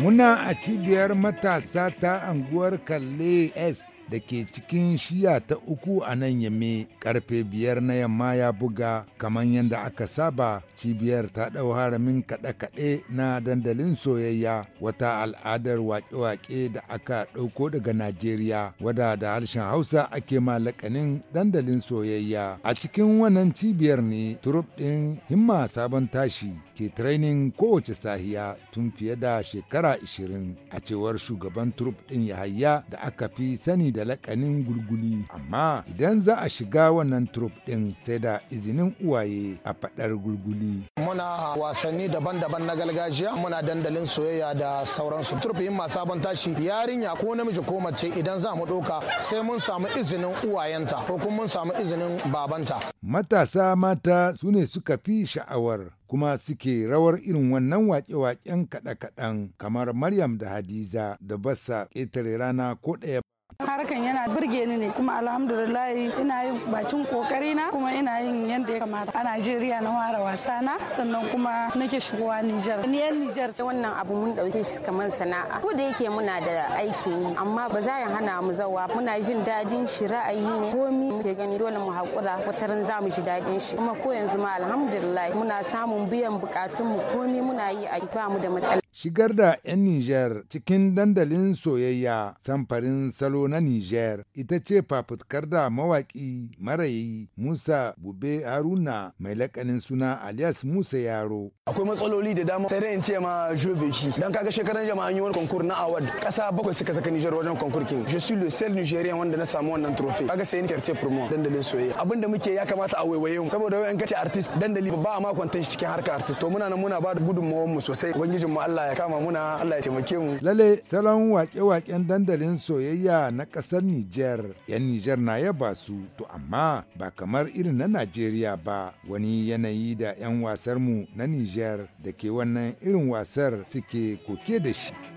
Muna a cibiyar matasa ta anguwar Kalle Est da ke cikin shiya ta uku a nan yamme karfe biyar na yamma ya buga kamar yadda aka saba cibiyar ta ɗau haramin kaɗe-kaɗe na dandalin soyayya wata al'adar waƙe-waƙe da aka ɗauko daga najeriya wada da harshen hausa ake malakanin dandalin soyayya a cikin wannan cibiyar ne turup ɗin himma sabon tashi ke trainin kowace sahiya tun fiye da shekara 20 a cewar shugaban turup ɗin yahayya da aka fi sani da lakanin gurguli. amma idan za a shiga wannan trop ɗin sai da izinin uwaye a faɗar gurguli. Muna wasanni daban-daban na gargajiya muna dandalin soyayya da sauransu. yin masu sabon tashi yarinya ko namiji ko mace idan za mu ɗauka sai mun samu izinin uwayenta ko kuma mun samu izinin babanta. Matasa mata su ne suka fi sha'awar kuma suke rawar irin wannan waƙe waken kaɗe-kaɗen kamar Maryam da Hadiza da basa ƙetare rana ko ɗaya hakan yana burge ni ne kuma alhamdulillah ina yin bakin kokari na kuma ina yin yadda ya kamata a Najeriya na ware wasa na sannan kuma nake shigowa Nijar ni yan Nijar wannan abu mun dauke shi kamar sana'a ko da yake muna da aikin yi amma ba za ya hana mu zawa muna jin dadin shi ra'ayi ne komi muke gani dole mu hakura wataran za mu ji dadin shi kuma ko yanzu ma alhamdulillah muna samun biyan bukatun mu komi muna yi a ba mu da matsala shigar da 'yan Nijar cikin dandalin soyayya samfarin salo na Niger ita ce fafutkar da mawaƙi marayi Musa Bube Haruna mai lakanin suna alias Musa Yaro. Akwai matsaloli da dama sai dai in ce ma Joveji dan kaga shekaran jama'an an yi wani konkur na award kasa bakwai suka saka Niger wajen konkur kin. Je suis le seul Nigerian wanda na samu wannan trophy. Kaga sai ni kerce pour moi dandalin soyayya. Abin da muke ya kamata a waiwaye mu saboda wai an kace artist dandali ba a makon shi cikin harka artist. To muna nan muna ba da gudunmawar mu sosai. Ubangijin mu Allah ya kama muna Allah ya taimake mu. Lale salon wake-waken dandalin soyayya na ƙasar Nijar, 'yan Nijar na yaba su, to amma ba kamar irin na Najeriya ba wani yanayi da 'yan wasarmu na Nijar da ke wannan irin wasar suke koke da shi.